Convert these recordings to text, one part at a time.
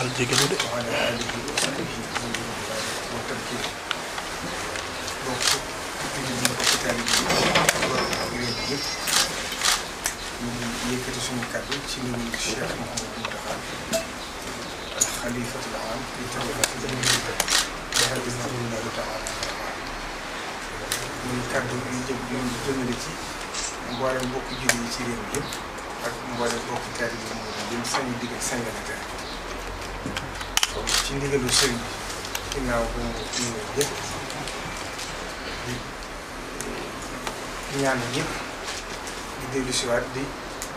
Fall jégalu de. yëkkati suñu kàddu ci nuyu Cheikh Mouhamadou Mountakha al xalifatul aam li tawlaati jamiihi rahimahullahu taala ñun kàddu yi jëm ñun jëmale ci mboolem mbokku jullit yi ci réew mi yëpp ak mboolem mbokku taalibe yi moom sañu digg ak sañ la ci ndigalu sëriñ bi ginnaaw bu ñu yëpp di ñaan ñëpp di dellu si waat di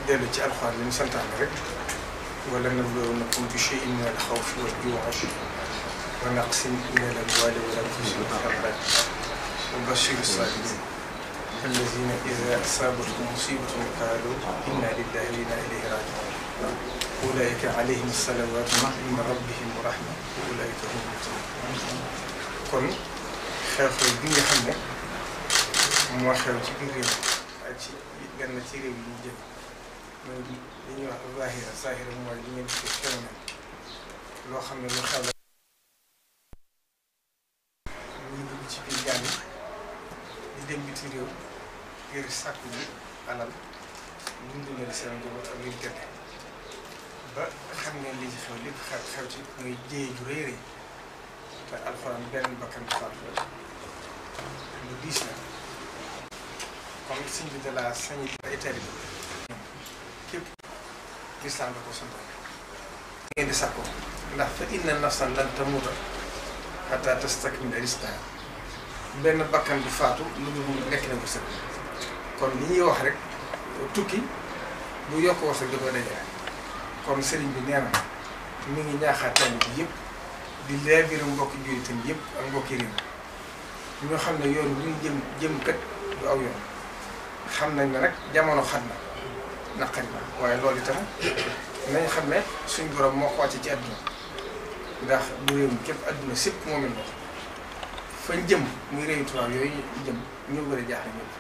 dellu ci alxuraan li ñu santaane rek wala nag loolu nag comme touché il ne la xaw fi wala jiw wax ba naq si ne la boole wala touché ba xam daal ba bashir saabiriin allazina iza asaabathum musibatun qaalu inna lillahi wa inna ilayhi raaji'uun ulaayika alayhim salawaatu min rabbihim wa rahma wa ulaayika hum kon xew-xew bi xam ne moo xew ci biir ak ci benn ci réew yi ñu jëm mooy li ñuy wax zahira zahira moo li ngeen ci loo xam ne lu xew la ñu dugg ci biir jàll di dem biti réew ngir sàkku ji alal dundu leen seen njaboot ak liñ ba xam ne li ci xew lépp xew xew ci muy jéey ju rëy te alxuraan benn bakkan faatu lu diis na kon sëñ bi de la sañi ay taalibe bi képp lislaam da ko santoon ngeen di sàkko ndax fa inna nafsan lan tamuuta xataa tastakmila rizqaha benn bakkan du faatu lu dul nekk na ko sëñ kon li ñuy wax rek tukki bu yokk war sa da koy kon sëriñ bi nee mu mi ngi ñaaxaat tamit yëpp di leebiru mbokki jullitam yëpp ak mbokki réew mi ñoo xam ne yoon wi ñu jëm jëm kat du aw xam nañ ne rek jamono xat na naqari na waaye loolu itam nañ xam ne suñ borom moo xoote ci àdduna ndax bu réew mi képp àdduna sépp moom lañ fañ jëm muy réew tubaab yooyu jëm ñoo bëri jaaxle ñoom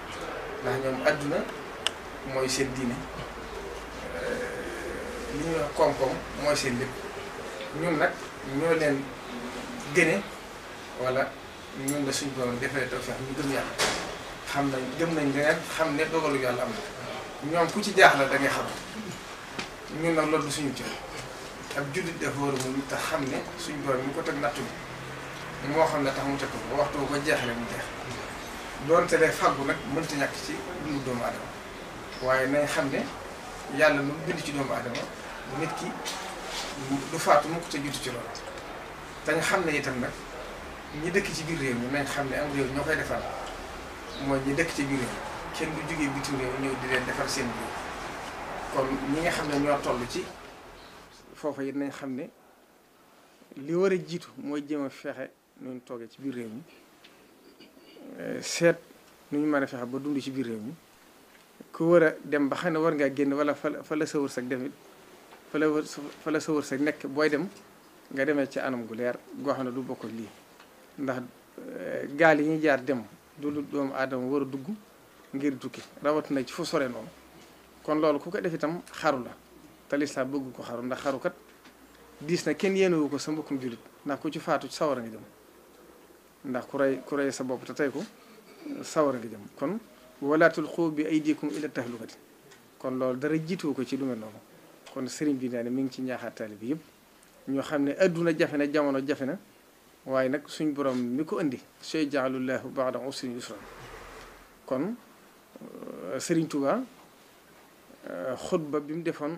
ndax ñoom àdduna mooy seen diine. li ñuy wax koom-koom mooy seen lépp ñun nag ñoo leen gëne wala ñun la suñu borom defee taw fex ñu gëm yàlla xam nañ gëm nañ leneen xam ne dogalu yàlla am na ñoom ku ci da ngay xam ñun suñu cër ab jullit dafa war a muñ te xam ne suñu borom ñu ko teg nattu bi moo xam ne tax mu teg ko waxtu ko jeexle mu jeex doonte lay fàggu nag mënta ñàkk ci dundu doomu aadama waaye nañ xam ne yàlla lu bind ci doomu aadama nit ki du faatu mukk te jiitu ci loolu te nga xam ne itam nag ñi dëkk ci biir réew mi nañ xam ne am réew ñoo koy defal mooy ñi dëkk ci biir réew kenn du di leen defal seen biir ñi nga xam ne toll ci foofa it nañ xam ne li war a jiitu mooy jéem fexe nuñ toogee ci biir réew mi eh, seet nu ñu mën a fexe ba dund ci biir réew mi ku war a dem ba xam ne war ngaa génn wala fa la sa wërsëg dem it fa la wër fa nekk booy dem nga demee ci anam gu leer goo xam ne du bokk lii ndax eh, gaal yi ñuy jaar dem du lu doomu aadama war a dugg ngir tukki rawatina ci fu sore noonu kon loolu ku ko def itam xaru la te bëgg ko xaru ndax xaru kat diis na kenn yéenewu ko sa mbokkum jullit ndax ku ci faatu sawara nga jëm ndax ku rey ku sa bopp te tey ko sawara nga jëm kon walaatul xóob bi aydikum ila tahlukati kon loolu dara jiituwu ko ci lu mel noonu kon sëriñ bi nee na mi ngi ci ñaaxaat bi yëpp ñoo xam ne adduna jafe na jamono jafe na waaye nag suñ borom mi ko indi sey jaalullahu baada usrin yusra kon sëriñ xot ba bi mu defoon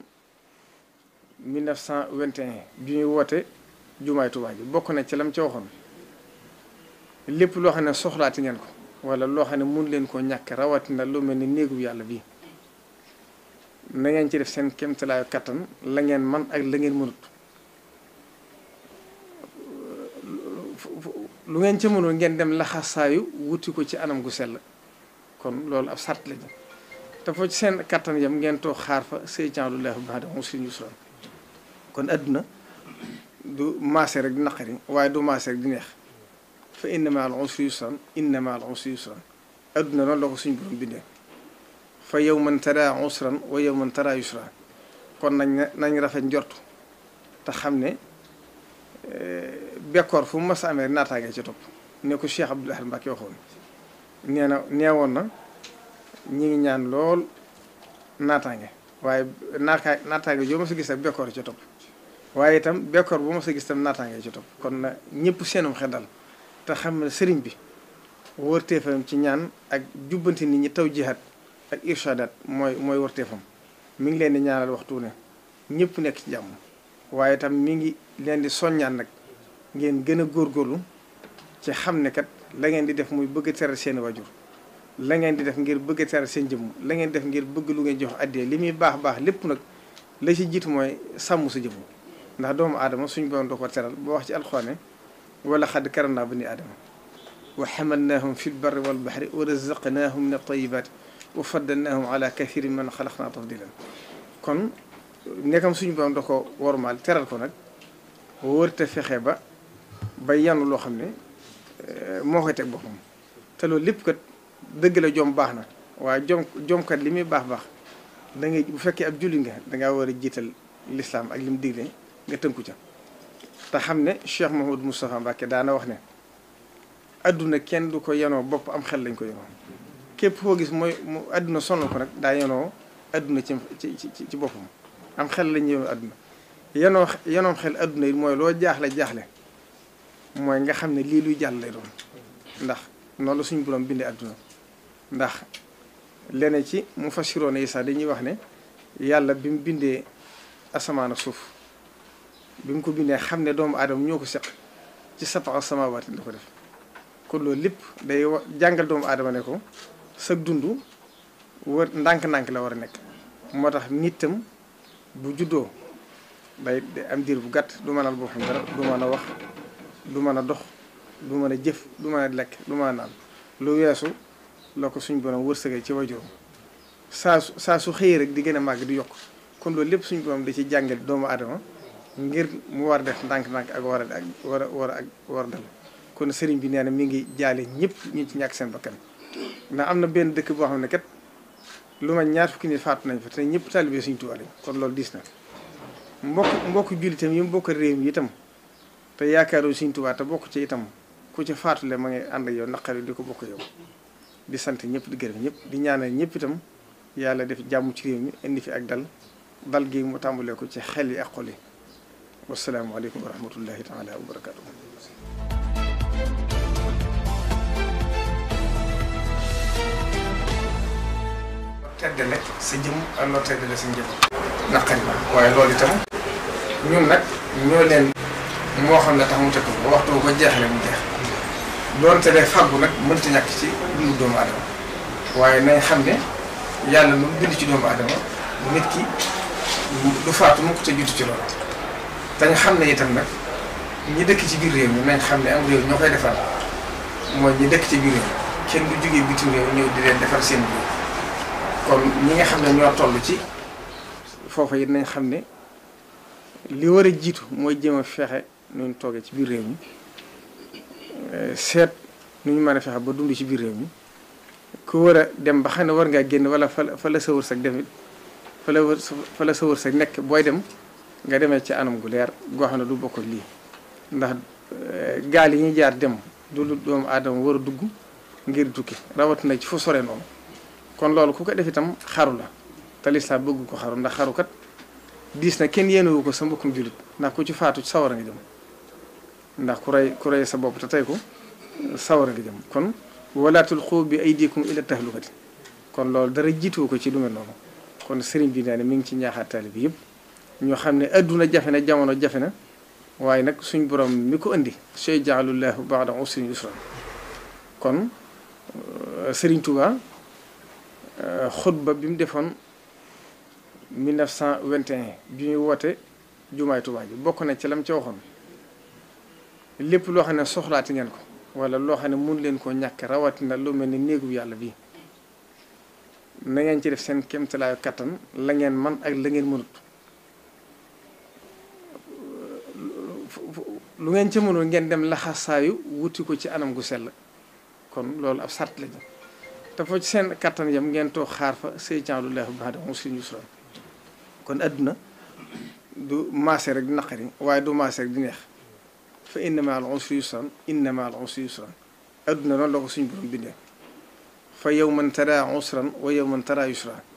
1921 bi ñuy woote jumaay Touba ji bokk na ci lam ca waxoon lépp loo xam ne soxlaati ngeen ko wala loo xam ne mun leen koo ñàkk rawatina lu mel ni néegu yàlla bii na ngeen ci def seen kéemtalaayu kàttan la ngeen man ak la ngeen mënut lu ngeen ci mënul ngeen dem laxasaayu wuti ko ci anam gu sell kon loolu ab sart lañu te ci seen kattan yam ngeentoo xaar fa say lu leef baax de moom suñu sol kon adduna du maase rek di naqari waaye du maase rek di neex fa inna ma'al usri yusran inna ma'al usri yusran adduna noonu la ko suñu borom bindee fa yawman tara usran wa yawman tara yusra kon nañ nañ rafet njort te xam ne eh, bekkoor fu mu mas a amee naataangee ci topp ne ko Cheikh Abdoul Ahad Mbacké waxoon nee na neewoon na ñi ngi ñaan lool naataange waaye naaka naataange joo ma sa gis ak bekkoor ci topp waaye itam bekkoor bu ma sa gis itam naataangee ci topp kon na ñëpp seenum xel te xam ne sëriñ bi wóorteefam ci ñaan ak jubbanti nit ñi taw jihaat ak irshadaat mooy mooy warteefam mi ngi leen di ñaanal waxtu ne ñëpp nekk ci jàmm waaye tam mi ngi leen di soññaan nag ngeen gën a góor góorlu ci xam ne kat la ngeen di def muy bëgg teral seen wajur la ngeen di def ngir bëgg a teral seen la ngeen def ngir bëgg lu ngeen jox addee li muy baax baax lépp nag la ci jiitu mooy sàmm sa jëmm ndax doomu adama suñ borom da ko teral boo wax ci alxuraan wala xadd karam naa bani aadama wa xamal naahum fi lbarri wal baxri wa razaqnaahum min atayibaati wa faddalnaahum ala kathirin man xalaqnaa tafdilan kon nekkam suñu borom da ko wormaal teral ko nag wërte fexe ba ba yanu loo xam ne eh, moo koy teg boppam loolu lépp kat dëgg la jom baax na waaye jom jomkat li muy baax baax da bu fekkee ab julli dangaa war a jiital lislaam ak li mu digle nga tënku ca te xam ne Cheikh Mouhamadou Moustapha Mbacké daana wax ne àdduna kenn du ko yenoo bopp am xel lañ ko yanoo képp koo gis mooy mu àdduna sonn ko rek daa yenoo àdduna ci ci ci boppam am xel lañu yenoo àdduna yenoo xel àdduna yi mooy loo jaaxle jaaxle mooy nga xam ne lii luy jàll lay doon ndax noonu la suñu borom bindee àdduna ndax lene ci mu fasiroon yi sax dañuy wax ne yàlla bi mu bindee asamaan suuf bi mu ko bindee xam ne doomu aadama ñoo ko seq ci sapa samawaatin la ko def kon loolu lépp day jàngal doomu aadama ne ko sa dund war ndànk-ndànk la war a nekk moo tax nit bu juddoo day am diir bu gàtt du mën a boppam dara du mën a wax du mën a dox du mën a jëf du mën a lekk du mën a naan lu weesu la ko suñ borom wërsëgee ci wajur saa su saa su xëyee rek di gën a màgg di yokk kon loolu lépp suñ borom da ci jàngal doomu aadama ngir mu war def ndànk-ndànk ak war a war a war a ak war a dal kon sëriñ bi nee na mi ngi jaale ñëpp ñu ci ñàkk seen bakkan ndax am na benn dëkk boo xam ne kat lu ma ñaar fukki nit faatu nañ fa te ñëpp taalibe Sëriñ Tuubaa lañ kon loolu diis na mbokk mbokk jullitam yi mu bokk réew mi itam te yaakaaroo Sëriñ Tuubaa te bokk ci itam ku ci faatule ma ngi ànd ak yow naqari di ko bokk yow di sant ñëpp di gërëm ñëpp di ñaanal ñëpp itam yàlla def jàmm ci réew mi indi fi ak dal dal gi mu tàmbalee ko ci xel yi ak xol yi wasalaamaaleykum wa rahmatullahi taala wa teddale sa jëm ak loo teddale sa njaboot naqari waaye loolu itam ñun nag ñoo leen moo xam ne tax mu tëkk ba ko jeexale mu jeex doonte day fàggu nag mënta ci dundu doomu adama waaye nañ xam ne yàlla lu bind ci doomu adama nit ki du faatu mukk te jutu ci loolu dañ xam ne itam nag ñi dëkk ci biir réew mi nañ xam ne am réew ñoo koy defar mooy ñi dëkk ci biir réew kenn du jógee bitim di leen defar seen biir kon ñi xam ne ñoo ci foofa it nañ xam ne li war a jiitu mooy jéem a fexe nuñ toogee ci biir réew mi euh, seet nu ñu mën a fexe ba dund ci biir réew mi ku war a dem ba xam ne war ngaa génn wala fa fa la sa wërsëg demit fa la wër fa nekk booy dem nga demee ci anam gu leer goo xam ne du bokk lii ndax euh, gaal yi ñu jaar dem du lu doomu aadama war a dugg ngir dukki rawatina ci fu sore noonu kon loolu ku ko def itam xaru la te lislaam bëgg ko xaru ndax xaru kat diis na kenn yéenewu ko sa mbokkum jullit ndax ku ci faatu sawara nga jëm ndax ku rey sa bopp te tey ko sawara nga jëm kon wala tulqu bi aydikum ila tahlukati kon loolu dara jiituwu ko ci lu mel kon sëriñ bi nee na mi ngi ci ñaaxaat taalibe yëpp ñoo xam ne adduna jafe na jamono jafe na waaye nag suñ borom mi ko indi sey jaalullahu baada usrin yusra kon euh, sëriñ Tuubaa Euh, xutba bi mu defoon 1921 bi ñu woote jumaay Tuubaa ji bokk na ci lam ca waxoon lépp loo xam ne soxlaati ngeen ko wala loo xam ne mun leen koo ñàkk rawatina lu mel ni néegu yàlla bii na ngeen ci def seen kéemtalaayu kattan la ngeen man ak la ngeen mënut lu ngeen ci mënul ngeen dem laxasaayu wuti ko ci anam gu sell kon loolu ab sart la dafa ci seen kattan yam ngeen toog xaar fa say du leex ba de mosul ñu suran kon adduna du maase rek di naqari waaye du maase rek di neex fa inna ma'al usri yusran inna ma'al usri yusran adduna noonu la ko suñu borom bindee fa yawman tara usran wa yawman tara yusran